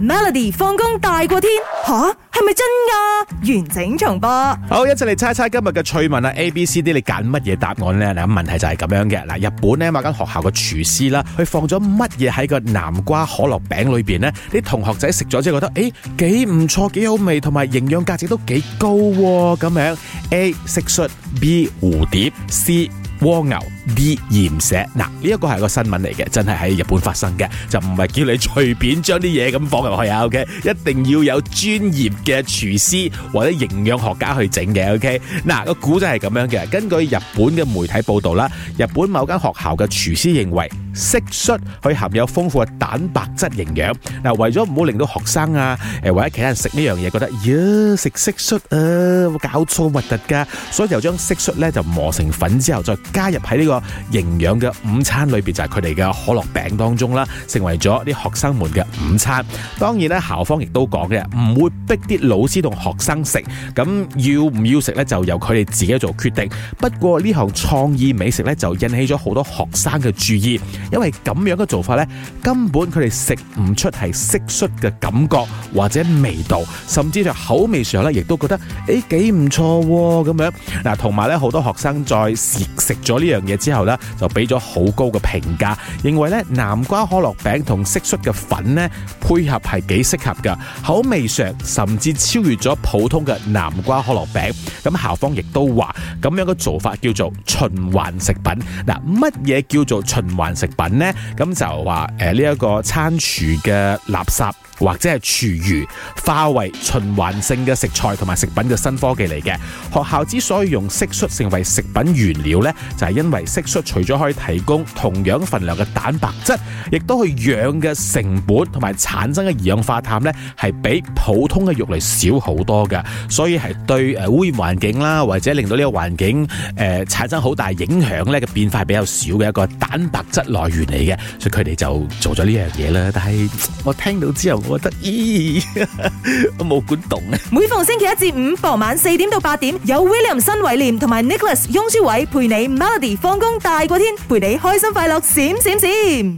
Melody 放工大過天吓，係咪真㗎？完整重播，好，一齊嚟猜猜今日嘅趣聞啊！A、B、C、D，你揀乜嘢答案呢？嗱，問題就係咁樣嘅。嗱，日本呢，某間學校嘅廚師啦，佢放咗乜嘢喺個南瓜可樂餅裏邊呢？啲同學仔食咗之後覺得，誒，幾唔錯，幾好味，同埋營養價值都幾高咁樣。A 蟋蟀，B 蝴蝶，C 蝸牛。啲鹽石嗱，呢一個係個新聞嚟嘅，真係喺日本發生嘅，就唔係叫你隨便將啲嘢咁放入去啊，OK，一定要有專業嘅廚師或者營養學家去整嘅，OK，嗱，個古仔係咁樣嘅，根據日本嘅媒體報道啦，日本某間學校嘅廚師認為蟋蟀佢含有豐富嘅蛋白質營養。嗱，為咗唔好令到學生啊，誒或者其他人食呢樣嘢覺得，呀，食蟋蟀啊，搞錯核突㗎，所以就將蟋蟀咧就磨成粉之後再加入喺呢個。營養嘅午餐裏邊就係佢哋嘅可樂餅當中啦，成為咗啲學生們嘅午餐。當然呢，校方亦都講嘅，唔會逼啲老師同學生食，咁要唔要食呢？就由佢哋自己做決定。不過呢項創意美食呢，就引起咗好多學生嘅注意，因為咁樣嘅做法呢，根本佢哋食唔出係蟋蟀嘅感覺或者味道，甚至在口味上呢，亦都覺得誒幾唔錯咁樣。嗱，同埋呢，好多學生在食食咗呢樣嘢。之後呢，就俾咗好高嘅評價，認為呢南瓜可樂餅同蟋蟀嘅粉呢配合係幾適合噶，口味上甚至超越咗普通嘅南瓜可樂餅。咁校方亦都話咁樣嘅做法叫做循環食品。嗱，乜嘢叫做循環食品呢？咁就話呢一個餐廚嘅垃圾或者係廚餘，化為循環性嘅食材同埋食品嘅新科技嚟嘅。學校之所以用蟋蟀成為食品原料呢，就係因為蟋蟀除咗可以提供同樣份量嘅蛋白質，亦都去養嘅成本同埋產生嘅二氧化碳呢係比普通嘅肉類少好多嘅，所以係對誒污染環境啦，或者令到呢個環境誒產生好大影響呢，嘅變化比較少嘅一個蛋白質來源嚟嘅，所以佢哋就做咗呢樣嘢啦。但係我聽到之後，我覺得咦，我冇管動啊！每逢星期一至五傍晚四點到八點，有 William 新偉廉同埋 Nicholas 雍舒偉陪你 Melody Fun 功大過天，陪你開心快樂閃閃閃。